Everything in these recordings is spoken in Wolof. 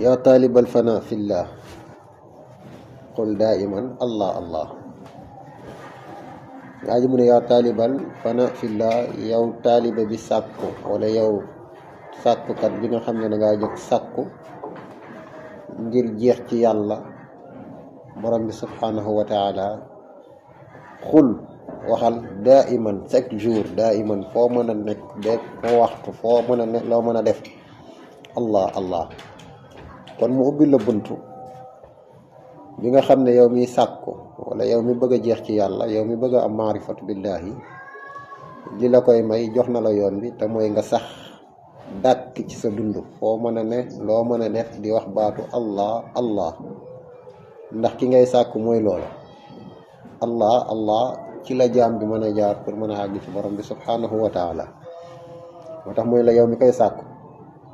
يا طالب الفناء في الله قل دائما الله الله أجمل يا طالب الفناء في الله يا طالب بسكو ولا يا سكو قد بنا خمنا نغاجك سكو ندير جيختي يا الله برم سبحانه وتعالى قل وخال دائما سك جور دائما فومنا نك دك وقت فومنا نك لو منا دف الله الله kon mu ubbil la buntu bi nga xam ne yow mi sàkku wala yow mi bëgg a jeex ci yàlla yow mi bëgg a am maarifatu billahi li la koy may jox na la yoon bi te mooy nga sax dàkk ci sa dund foo mën ne loo mën a di wax baatu allah allah ndax ki ngay sàkku mooy loolu allah allah ci la jaam bi mën a jaar pour mën a àgg ci borom bi subhanahu wa taala moo tax mooy la yow mi koy sàkku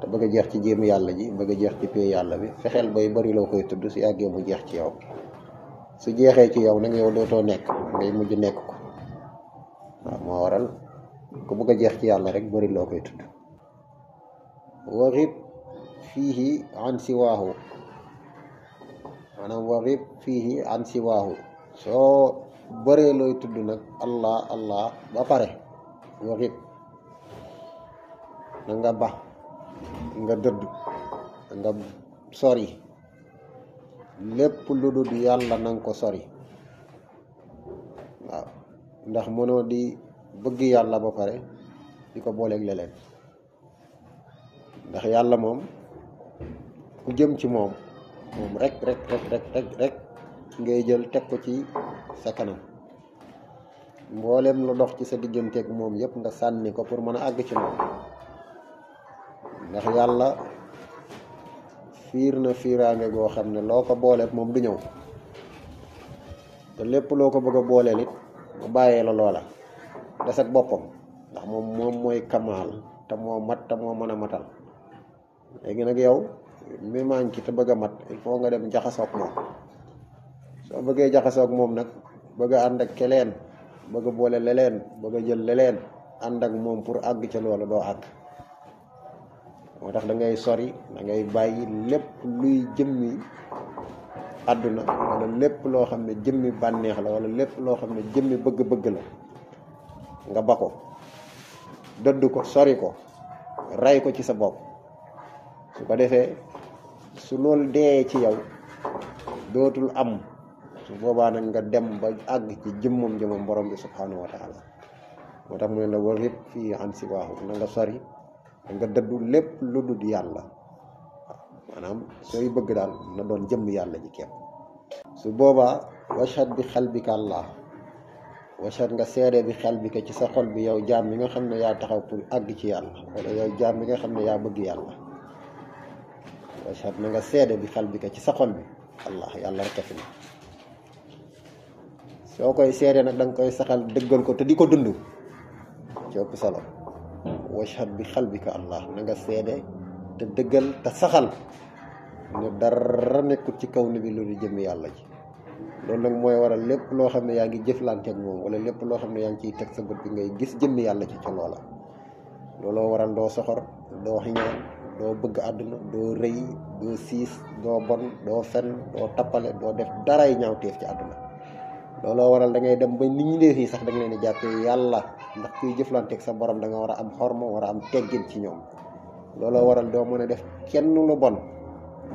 te bëgg jeex ci jëm yalla ji bëgg jeex ci pee yalla bi fexel bay bari lo koy tudd ci yagge mu jeex ci yow su jeexé ci yow nga yow doto nekk ngay mujj nek ko mo waral ku bëgg jeex ci yalla rek bari lo koy tudd waghib fihi an siwahu ana waghib fihi an siwahu so bëree loy tudd nak allah allah ba pare waghib nga ba nga dëdd nga sori lépp lu dul yàlla nanga ko sori waaw ndax mënoo di bëgg yàlla ba pare di ko booleeg leneen ndax yàlla moom ku jëm ci moom moom rek rek rekk rek ngay jël teg ko ci sa kanam mboolem lu dox ci sa digganteek moom yëpp nga sànni ko pour mën a àgg ci moom ndax yàlla fiir na fiiraange goo xam ne loo ko booleet moom du ñëw te lépp loo ko bëgg a booleel it mu bàyyee la loola des ak boppam ndax moom moom mooy kamaal te moo mat te moo mën a matal léegi nag yow mi ci te bëgg a mat il faut nga dem jaxasoog moom soo bëggee jaxasoog moom nag bëgg a ànd ak keleen bëgg a boole leleen bëgg a jël leleen ànd ak pour àgg ca loola doo àgg moo tax da ngay sori da ngay bayyi lepp luy jëmmi aduna wala lepp lo xam ne jëmmi bànneex la wala lepp lo xam jëmmi bëgg-bëgg la nga bako ko dëdd ko sori ko ray ko ci sa bop su ko défé su lol dé ci yow dootul am su boba nak nga dem ba ag ci jëmmam jëmmam borom bi subhanahu wa taala motax tax mu la warib fi an sibahu nga sori nga dëddu lépp lu dul yàlla maanaam sooy bëgg daal na doon jëmm yàlla ji képp su boobaa wachat bi xal bi ka allah wachat nga seere bi xel bi ka ci sa bi yow jaam bi nga xam ne yaa taxaw àgg ci yàlla wala yow bi nga xam ne yaa bëgg yàlla wachat nga seede bi xel bi ko ci sa xol bi allah yàlla rek a fi na soo koy seere nag danga koy saxal dëggal ko te di ko dund ci ëpp solo washhad bi xal xalbika allah na nga seede te dëggal te saxal ne dara nekkul ci kaw ni bi lu di jëmmi yàlla ji loolu nag mooy waral lépp loo xam ne yaa ngi jëflante ak wala lépp loo xam ne yaa ngi ciy teg sa bët bi ngay gis jëmmi yàlla ci ca loola looloo waral doo soxor doo xiñaan doo bëgg àdduna doo rëy doo siis doo bon doo fen doo tappale doo def daray ñaawteef ci àdduna looloo waral da ngay dem ba nit ñi dee fii sax da leen di jàppee yàlla ndax kuy ak sa borom da nga wara am xorma wara am teggin ci ñoom looloo waral doo mën a def kenn lu bon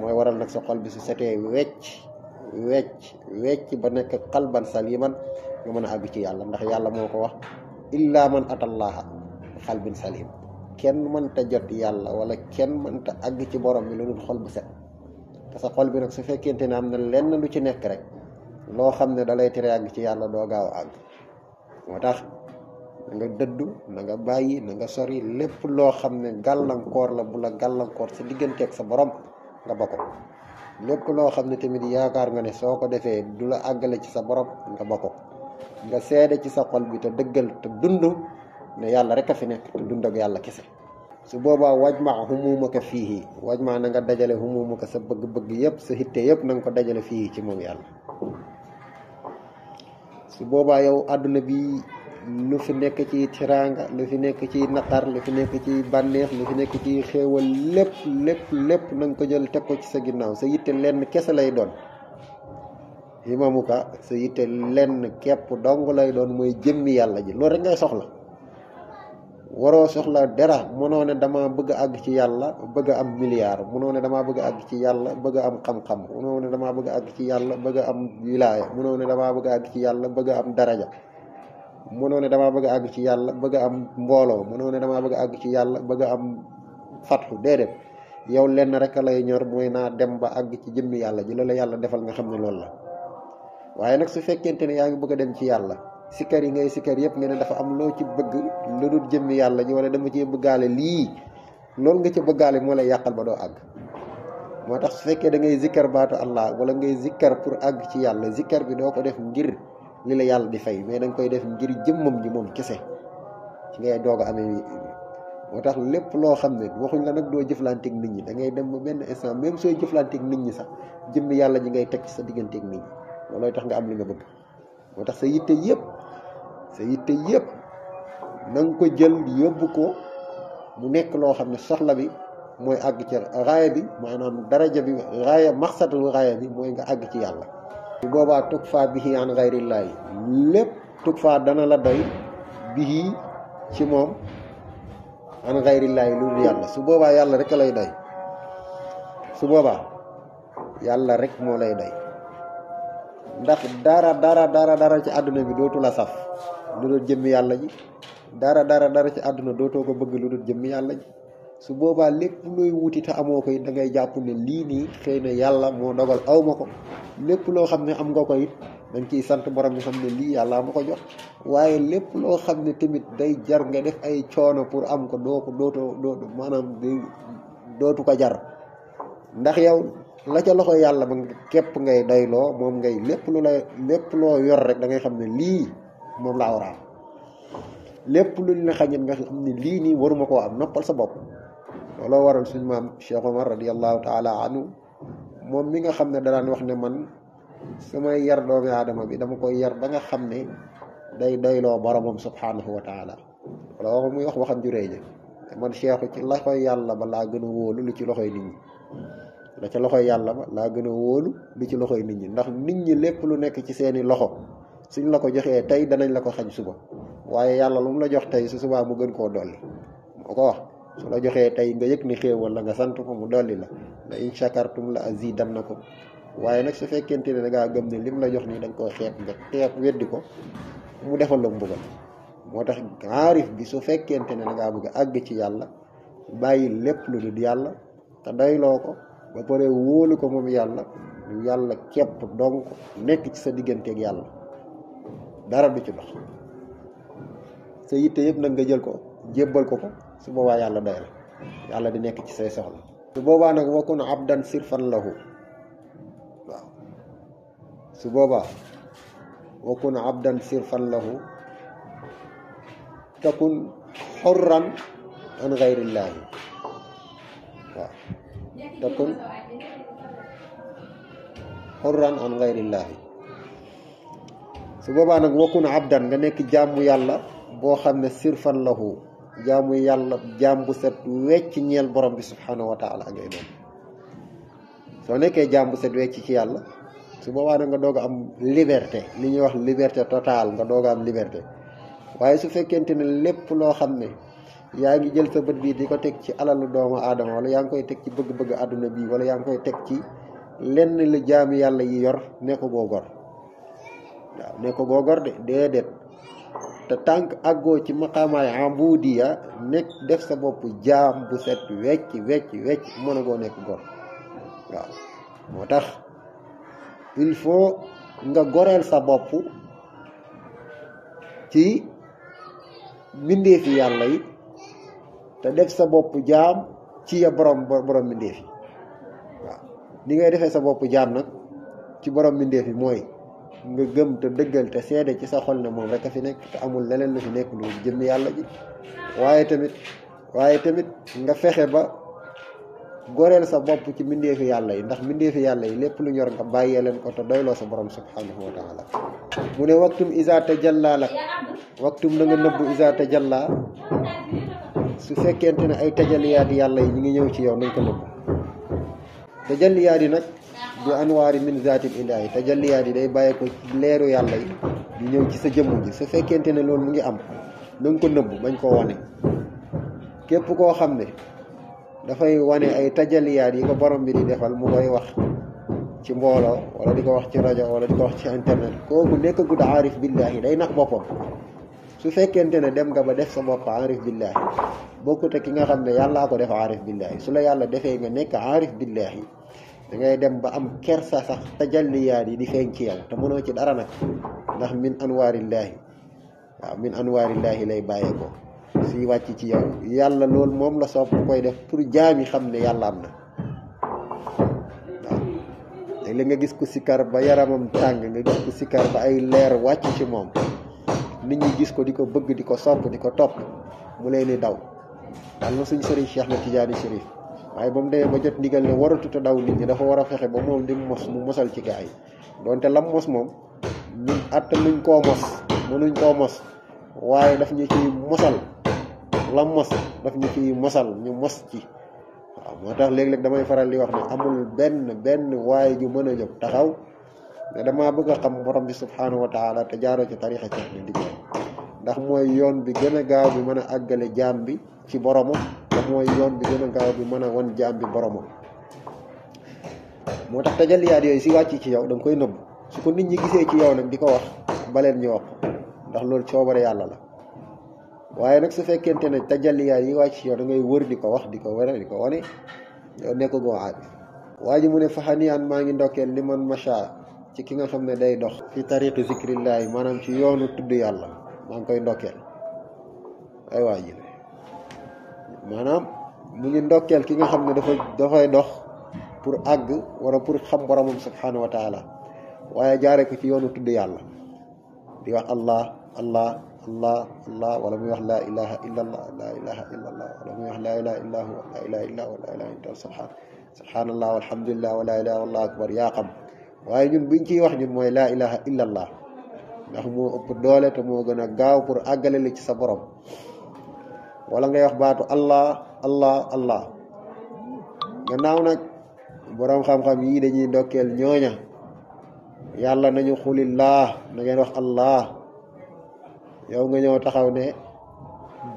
mooy waral nag sa xol bi su setee wecc wecc wecc ba nekk xalban saliman nga mën a àgg ci yàlla ndax yàlla moo ko wax illa man atallaha xalbin salim kenn mënta jot yàlla wala kenn mënta àgg ci borom bi lu dul xol bu set te sa xol bi nag su fekkente ne am na lenn lu ci nekk rek loo xam ne da tere ci yàlla doo gaaw àgg moo na nga dëddu na nga bàyyi na nga sori lépp loo xam ne gàllankoor la bu la gàllankoor sa ak sa borom nga ba ko lépp loo xam ne tamit yaakaar nga ne soo ko defee du la àggale ci sa borom nga ba ko nga seede ci sa xol bi te dëggal te dund ne yàlla rek a nekk te dund ak yàlla kese su boobaa wajma humumaka fiihi wajma na nga dajale humumaka sa bëgg-bëgg yépp sa hitte yépp na nga ko dajale fii ci moom yàlla su boobaa yow àdduna bi lu fi nekk ci tiraanga lu fi nekk ci naqar lu fi nekk ci bànneex lu fi nekk ci xéewal lépp lépp lépp na ko jël teg ko ci sa ginnaaw sa yitte lenn kese lay doon imamuka sa yitte lenn képp dong lay doon mooy jëmm yàlla ji loo rek ngay soxla waroo soxla dara mënoo ne dama bëgg àgg ci yàlla bëgg am milliard mënoo ne damaa bëgg àgg ci yàlla bëgg am xam-xam mënoo ne damaa bëgg àgg ci yàlla bëgg am wilaaya mënoo ne damaa bëgg àgg ci yàlla bëgg am daraja mënoo ne damaa bëgg a àgg ci yàlla bëgg a am mbooloo mënoo ne damaa bëgg a àgg ci yàlla bëgg a am fatxu déedéet yow lenn rek a lay ñor mooy naa dem ba àgg ci jëmmi yàlla ji la la yàlla defal nga xam ne loolu la waaye nag su fekkente ne yaa ngi bëgg a dem ci yàlla sikkar yi ngay sikkar yëpp nga ne dafa am loo ci bëgg lu dul jëmmi yàlla ji wala dama ci bëggaale lii loolu nga ci bëggaale moo lay yàqal ba doo àgg moo tax su fekkee da ngay zikkar baatu allah wala ngay zikkar pour àgg ci yàlla zikkar bi doo ko def ngir li la yàlla di fay mais danga koy def ngir jëmmam ji moom kese ci ngay doog a amee moo tax lépp loo xam ne waxuñ la nag doo jëflanteeg nit ñi da ngay dem ba benn instant même sooy jëflanteeg nit ñi sax jëmm yàlla ji ngay teg ci sa digganteeg nit ñi loolooy tax nga am li nga bëgg moo tax sa yitte yépp sa yitte yépp nang ko jël yóbbu ko mu nekk loo xam ne soxla bi mooy àgg ci raaya bi maanaam daraja bi raaya maxsatul raaya bi mooy nga àgg ci yàlla bu boobaa tukfa bihi an gayrillaahi lépp tukfa dana la doy bihi ci moom an gayrillaahi lu dul yàlla su boobaa yàlla rek lay doy su boobaa yàlla rek moo lay doy ndax dara dara daara dara ci àdduna bi dootu la saf lu dul jëmmi yàlla ji dara dara dara ci àdduna dootoo ko bëgg lu dul jëmm yàlla ji su boobaa lépp looy wuti te amoo ko it da ngay jàpp ne lii nii xëy na yàlla moo dogal aw ma ko lépp loo xam ne am nga koy dañ ciy sant borom bi xam ne lii yàlla ma ko jox waaye lépp loo xam ne tamit day jar nga def ay coono pour am ko doo ko dootoo dootu maanaam dootu ko jar ndax yow la ca loxo yàlla ba képp ngay doyloo moom ngay lépp lu lépp loo yor rek da ngay xam ne lii moom la awraam lépp luñ la xañet nga xam ne lii nii waruma koo am noppal sa bopp looloo waral suñu maam Cheikh Omar radiallahu taala anhu moom mi nga xam ne danaan wax ne man samay yar doomi aadama bi dama koy yar ba nga xam ne day doyloo boromam subhanahu wa taala wala wax muy wax waxam ju réeje man cheikhu ci loxoy yàlla ba laa gën a wóolu ci loxoy nit ñi la ca loxoy yàlla ba laa gën a wóolu lu ci loxoy nit ñi ndax nit ñi lépp lu nekk ci seeni loxo suñ la ko joxee tey danañ la ko xañ suba waaye yàlla lu mu la jox tey su subaa mu gën koo dolli moo ko wax su la joxee tey nga yëg ni xéewal la nga sant ko mu dolli la la in shakartum la azidan na ko waaye nag su fekkente ne da ngaa gëm ne lim la jox nii da nga koo xeeb nga teeb weddi ko mu defal la mbugal moo tax aarif bi su fekkente ne da ngaa bëgg àgg ci yàlla bàyyi lépp lu dul yàlla te doyloo ko ba pare wóolu ko moom yàlla yàlla képp donc nekk ci sa digganteeg yàlla dara du ci dox sa yitte yëpp nag nga jël ko jébbal ko ko su boobaa yàlla doy la yàlla di nekk ci say soxla su boobaa nag wakkun abdan sirfan lahu waaw su boobaa wakkun abdan sirfan lahu takun xorran an gayrillaahi waaw takun xorran an gayrillaahi su boobaa nag wakkun abdan nga nekk jàmm yàlla boo xam ne sirfan lahu Jamu yalla jam bu set wecc ñeel borom bi subhanahu wa taala ngay doon so nekkee jaam set wecc ci yalla su bo nag nga doga am liberté li ñu wax liberté totale nga doga am liberté waye su fekkente ni lepp lo xam yaangi jël sa bët bi di ko ci alalu doomu adam wala yaang koy tek ci bëgg-bëgg aduna bi wala yaang koy tek ci lenn le jaamu yalla yi yor neko ko gor waaw de dedet te tank aggo ci maqamay abudiya nek def sa bop jam bu set wecc wecc wecc monago nek goo nekk gor waaw moo il faut nga gorel sa bop ci fi yalla yi te def sa bop jam ci ya borom borom minde fi waaw ni ngay defee sa bop jam nak ci borom minde fi moy nga gëm te dëggal te seede ci sa xol ne moom rek a fi nekk te amul leneen lu fi nekk lu jëm yàlla ji waaye tamit waaye tamit nga fexe ba goreel sa bopp ci mbindeefi yàlla yi ndax mbindeefi yàlla yi lépp lu ñor nga bàyyee leen ko te doyloo sa borom subhanahu wa taala mu ne waxtum isa tajalla lak waxtum na nga nëbbu isa tajalla su fekkente ne ay tajaliyaat yàlla yi ñu ngi ñëw ci yow nañ ko nëbbu tajaliyaat yi nag du anoiri min zatil ilahi ta jalliyaadi day baye ko leeru yàlla yi di ñëw ci sa jëmmuji su fekkente ne loolu mu ngi am nang ko nëbb bañ ko wane képp koo xam ne dafay wane ay tajaliyaat yi ko borom bi di defal mu koy wax ci mbooloo wala di ko wax ci rajo wala di ko wax ci internet kooku nekkagut arif billahi day nag boppam su fekkente ne dem nga ba def sa bopp arif billahi bokkut a ki nga xam ne yàllaa ko def arif billahi su la yàlla defee nga nekk arif billahi da ngay dem ba am kersa sax tajalliyaat di di ci yow te mënoo ci dara nak ndax min anwaarillaahi wa min anwaarillaahi lay baye ko si wacc ci yow yalla lol mom la sopp koy def pour jami xam ne am na nga gis ko sikar ba yaramam tang nga gis ko sikar ba ay leer wacc ci mom nit ñi gis ko di bëgg di sopp di ko mu leen ni daw dal na suñu serigne Cheikh na Tidiane cheikh waaye ba mu demee ba jot ndigal ne waratuta daw nit ñi dafa war a fexe ba moom li mu mos mu mosal ci gaa yi donte lam mos moom ñun attanuñ koo mos mënuñ koo mos waaye daf ñu ciy mosal lam mos daf ñu fi mosal ñu mos ci waaw moo tax léeg-léeg damay faral di wax ne amul benn benn waaye ju mën a jóg taxaw ne damaa bëgg a xam borom bi subhanahu wa taala te jaaroo ci tarixa ceex ni ndax mooy yoon bi gën a gaa bi mën a àggale jaam bi ci boromam te mooy yoon bi gën a gaaw bi mën a wan jaam bi boromam moo tax tajaliyaat yooyu si wàcc ci yow da koy nëbb su ko nit ñi gisee ci yow nag di ko wax baleen ñu wax ndax loolu coobare yàlla la waaye nag su fekkente ne tajaliyaat yi wàcc ci yow da ngay wër di ko wax di ko wane di ko wane yow nekk goo aadi waa ji mu ne faxaniyaan maa ngi ndokkeel li man macha ci ki nga xam ne day dox fi tariqi zikrillaahi maanaam ci yoonu tudd yàlla maa ngi koy ndokkeel ay waa maanaam mu ngi ndokkeel ki nga xam ne dafa dafay dox pour àgg wala pour xam boromam subhanahu wa taala waaye jaare ko ci yoonu tudd yàlla di wax allah allah allah allah wala muy wax laa ilaha illa allah laa ilaha illa allah wala muy wax laa ilaha illa hu laa ilaha illa hu laa ilaha illa hu subhaan subhaanallah walhamdulilah wala ilaha wallahu akbar yaa xam waaye ñun buñ ciy wax ñun mooy laa ilaha illa allah ndax moo ëpp doole te moo gën a gaaw pour àggale li ci sa borom wala ngay wax baatu allah allah allah gannaaw nag borom xam-xam yi dañuy ndokkeel ñooña yàlla nañu la na ngeen wax allah yow nga ñëw taxaw ne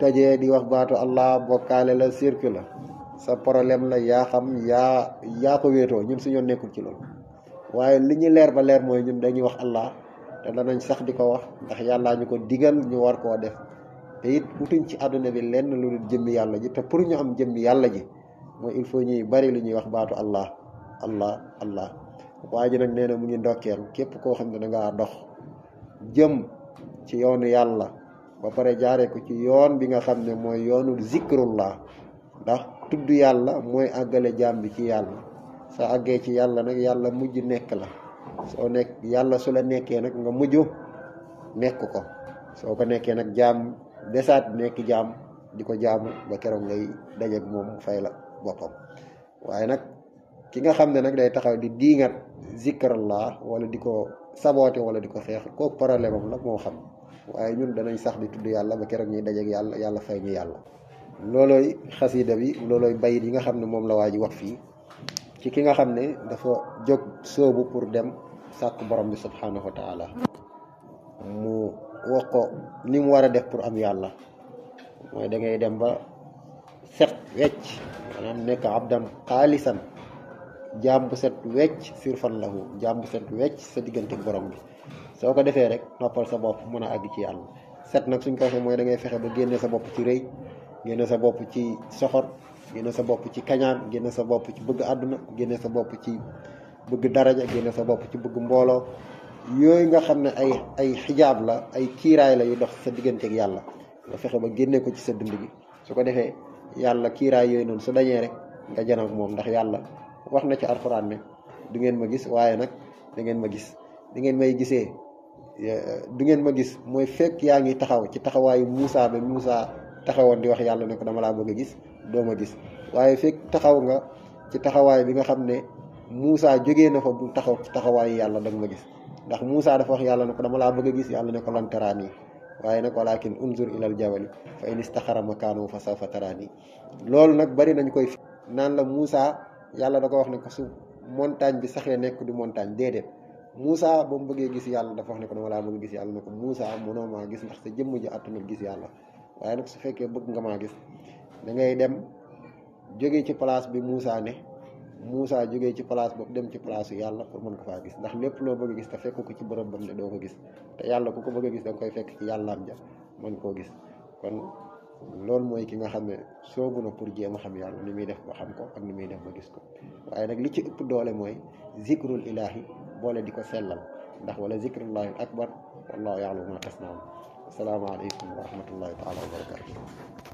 dajee di wax baatu allah bokkaale la cirque la sa problème la yaa xam ya yaa ko wéetoo ñun suñu nekkul ci loolu waaye li ñu leer ba leer mooy ñun dañuy wax allah te danañ sax di ko wax ndax yàllaa ñu ko digal ñu war koo def te it utuñ ci àdduna bi lenn lu dul jëmmi yàlla ji te pour ñu am jëmmi yàlla ji mooy il faut ñuy bari lu ñuy wax baatu allah allah allah waa ji nag nee na mu ngi ndokkeel képp koo xam ne da ngaa dox jëm ci yoonu yàlla ba pare jaaree ko ci yoon bi nga xam ne mooy yoonu zikrullah ndax tudd yàlla mooy àggale jaam bi ci yàlla sa àggee ci yàlla nag yàlla mujj nekk la soo nekk yàlla su la nekkee nag nga mujj nekk ko soo ko nekkee nag jaam desaat nekk jaam di ko jaamu ba keroog ngay dajeeg moom fay la boppam waaye nag ki nga xam ne nag day taxaw di diingat zikrallah wala di ko saboote wala di ko xeex kooku problème am la moo xam waaye ñun danañ sax di tudd yàlla ba keroog ñuy dajeeg yàlla yàlla fay ñu yàlla loolooy xasida bi loolooy bayit yi nga xam ne moom la waa wax fii ci ki nga xam ne dafa jóg soobu pour dem sàkk borom bi subhanahu wa taala mu wax ko ni mu wara def pour am yalla moy da ngay dem ba set wetch manam nek Abdam qalisan jam bu set sur sirfan lahu jaam bu set wetch sa diggante borom bi soko defé rek noppal sa bop ag ci yalla set nak suñ ko xam moy da ngay fexé ba génne sa bop ci reuy génne sa bop ci soxor génne sa bop ci kañaan génne sa bop ci bëgg aduna génne sa bop ci bëgg daraja sa bop ci bëgg mbolo yooyu nga xam ne ay ay xijaab la ay kiiraay la yu dox sa digganteeg yàlla nga fexe ba génnee ko ci sa dund gi su ko defee yàlla kiiraay yooyu noonu su dañee rek nga janoog moom ndax yàlla wax na ci alxuraan ne du ngeen ma gis waaye nag da ngeen ma gis di ngeen may gisee du ngeen ma gis mooy fekk yaa ngi taxaw ci taxawaayu Moussa ba Moussa taxawoon di wax yàlla ne ko dama laa bëgg a gis doo ma gis waaye fekk taxaw nga ci taxawaay bi nga xam ne Moussa jógee na fa bu taxaw taxawaayu yàlla danga ma gis ndax Musa dafa wax yàlla ne ko dama laa bëgg a gis yàlla ne ko lan taraani waaye nag walakin unzur ilal jawali fa in istaxara makaanu fa sawfa taraani loolu nag bari nañ koy naan la musa yàlla da ko wax ne ko su montagne bi saxee nekk du montagne déedéet musa ba mu bëggee gis yàlla dafa wax ne ko dama laa bëgg gis yàlla ne ko Moussa mënoo maa gis ndax sa jëmm ji attanul gis yàlla waaye nag su fekkee bëgg nga maa gis da ngay dem jóge ci place bi musa ne Moussa jógee ci place boobu dem ci place yàlla pour mën ko faa gis ndax lépp loo bëgg a gis te fekk ko ci bërëb bam ne doo gis te yàlla ku ko bëgg a gis ko nga ci yàllaam ja mën koo gis kon loolu mooy ki nga xam ne soobu na pour jéem a xam yàlla ni muy def ba xam ko ak ni muy def ba gis ko waaye nag li ci ëpp doole mooy zikrul ilahi boole di ko sellal ndax wala zikrullahi akbar wallahu ya'lamu ma tasnaun asalaamaaleykum wa rahmatullahi taala wa barakatu